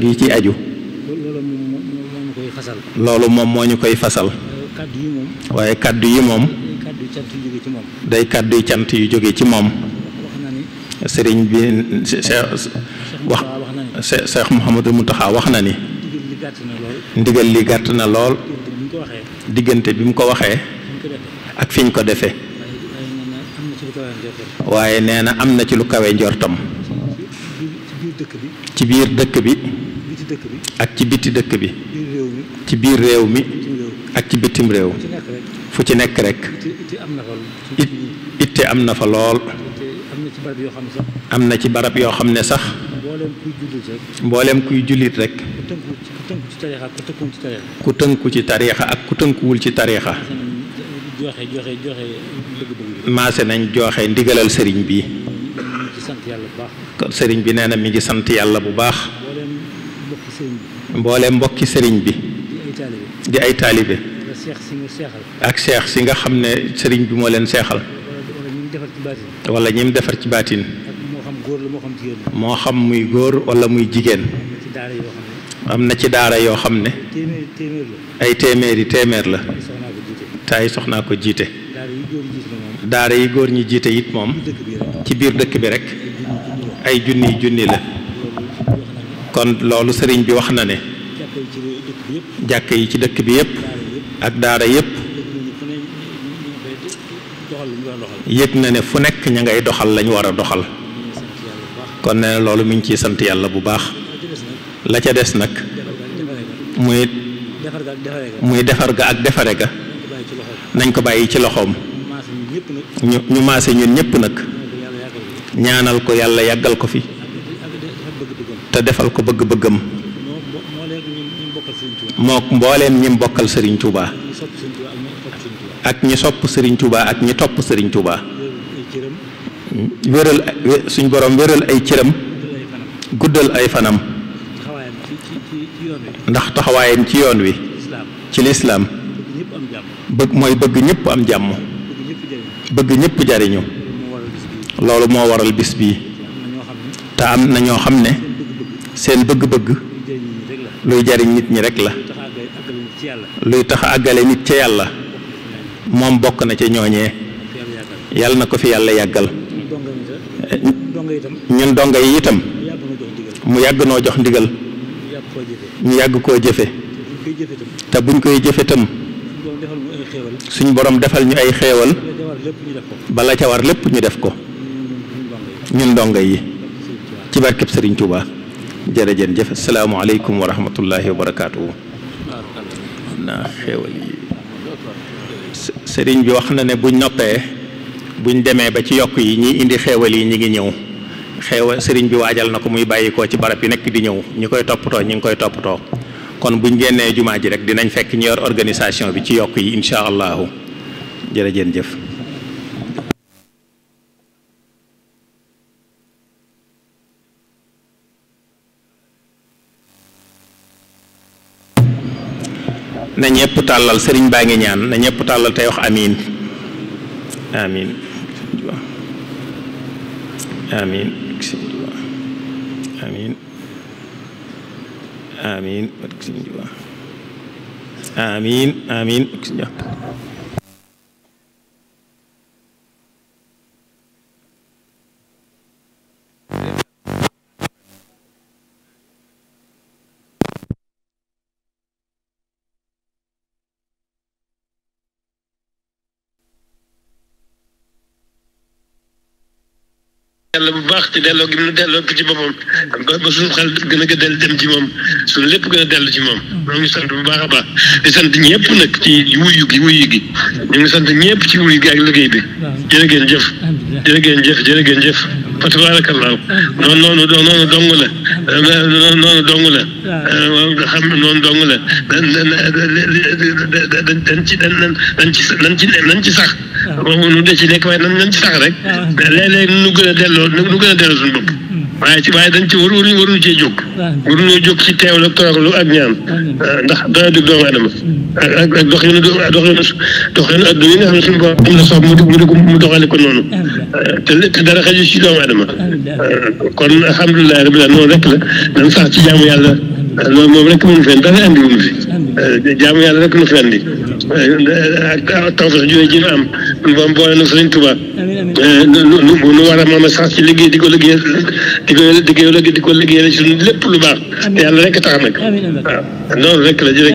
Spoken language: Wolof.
gi ci aju loolu moom moo ñu koy fasal waaye kàddu yi moom day kàddu cant yu jóge ci moom sëriñ bi wax Cheikh Mouhamadou Mountakha wax na ni ndigal li gàtt na lool diggante bi mu ko waxee ak fi ñu ko defee waaye nee na am na ci lu kawe njortam dëkk bi. ci biir dëkk bi. dëkk bi. ak ci biti dëkk bi. ci biir réew mi. ak ci bitim réew. fu ci nekk rek. it itte am na fa lool. am na ci barab yoo xam ne sax. mbooleem kuy jullit rek. ku tënku ci tariixa ak ku tënkuwul ci tariixa. maase nañ joxe ndigalal sëriñ bi. kon sëriñ bi nee na mi ngi sant yàlla bu baax mboolem mbokki sëriñ bi di ay taalibe ak seex si nga xam ne sëriñ bi moo leen seexal wala ñi defar ci baatin moo xam muy góor wala muy jigéen am na ci daara yoo xam ne ay téeméeri téeméer la te ay soxnaa ko jiite daara yi góor ñi jiite it moom ci biir dëkk bi rek ay junniy junni la kon loolu sëriñ bi wax na ne jàkk yi ci dëkk bi yépp ak daara yépp yëg na ne fu nekk ña ngay doxal lañu war a doxal kon nee na loolu mu ngi ciy sant yàlla bu baax la ca des nag muy muy defar ga ak defare ga nañ ko bàyyi ci loxoom ñu ñu maase ñun ñëpp nag ñaanal ko yàlla yàggal ko fi te defal ko bëgg-bëggam mook mbooleem ñim bokkal sëriñ Touba ak ñi sopp sëriñ Touba ak ñi topp sëriñ Touba wéral suñ borom wéral ay cëram guddal ay fanam ndax taxawaayam ci yoon wi ci lislaam bëg mooy bëgg ñëpp am jàmm bëgg ñëpp jariñu loolu moo waral bis bii te am na ñoo xam ne seen bëgg-bëgg luy jariñ nit ñi rek la luy tax a àggale nit ca yàlla moom bokk na ca ñooñee yàlla na ko fi yàlla yàggal ñun donga eh, yi itam mu yàgg noo jox ndigal ñu yàgg koo jëfe te buñ koy jëfe tam suñu borom defal ñu ay xeewal bala ca war lépp ñu def ko ñun dongo yi ci barkeb Sëriñ Tuuba jërëjëf jëf asalaamaaleykum wa rahmatullahi wa barakaatu. naa xéewal yi sëriñ bi wax na ne buñ noppee buñ demee ba ci yokk yi ñi indi xéewal yi ñu ngi ñëw xéewal sëriñ bi waajal na ko muy bàyyikoo ci barab yi nekk di ñëw ñu koy toppatoo ñu ngi koy toppatoo kon buñ génnee jumaa ji rek dinañ fekk ñu organisation bi ci yokk yi incha allahu jërëjeen jëf na ñëpp tàllal sëriñ baa ngi ñaan na ñëpp tàllal tey wax amiin amiin amiin amiin amiin amiin yàlla bu baax te delloo gi mu delloo ko ci boppam ba ba suñu xel gën a gën a dem ci moom suñu lépp gën a dell ci moom ñoo ngi sant bu baax a baax di sant ñëpp nag ci wuyu gi wuyu gi ñu ngi sant ñëpp ci wuyu gi ak liggéey bi jërë ngeen jëf jërë ngeen jëf jërë ngeen jëf fa tabaarakallaahu noonu noonu noonu dong la noonu dong la nga xam noonu dong la dañ ci dañ dañ ci dañ ci dañ ci sax moom nu de ci nekk waaye nan nan ci sax rek léeg-léeg nu gën a delloo nu gën a delloo suñu bopp waaye ci waaye dañ ci waru waru waruñu cee jóg. Ah, waruñoo jóg ci teewlu tooglu ak ñaan. Ah, ah, ndax dana dugg doomu adama hmm. ak ak ak dox yenn dox yenn dox yenn adduna yi nga xam ne suñu bopp am na soob mu dugg mu doxale ko noonu. te te dara xaju ci doomu adama. kon alhamdulilah rabbil aalamiin noonu rek la dañ sax ci jaamu yàlla loolu moom rek mënu fenn dara andi wuñu fi. jaamu yàlla rek nu fi andi. ak tawfeex jooju ñu am moom boole na Sëriñ Tuubaa nu nu war a moom sax ci liggéey di ko liggéey di ko liggéey di ko liggéey ci lépp lu baax te yàlla rek tax nag waaw noonu rek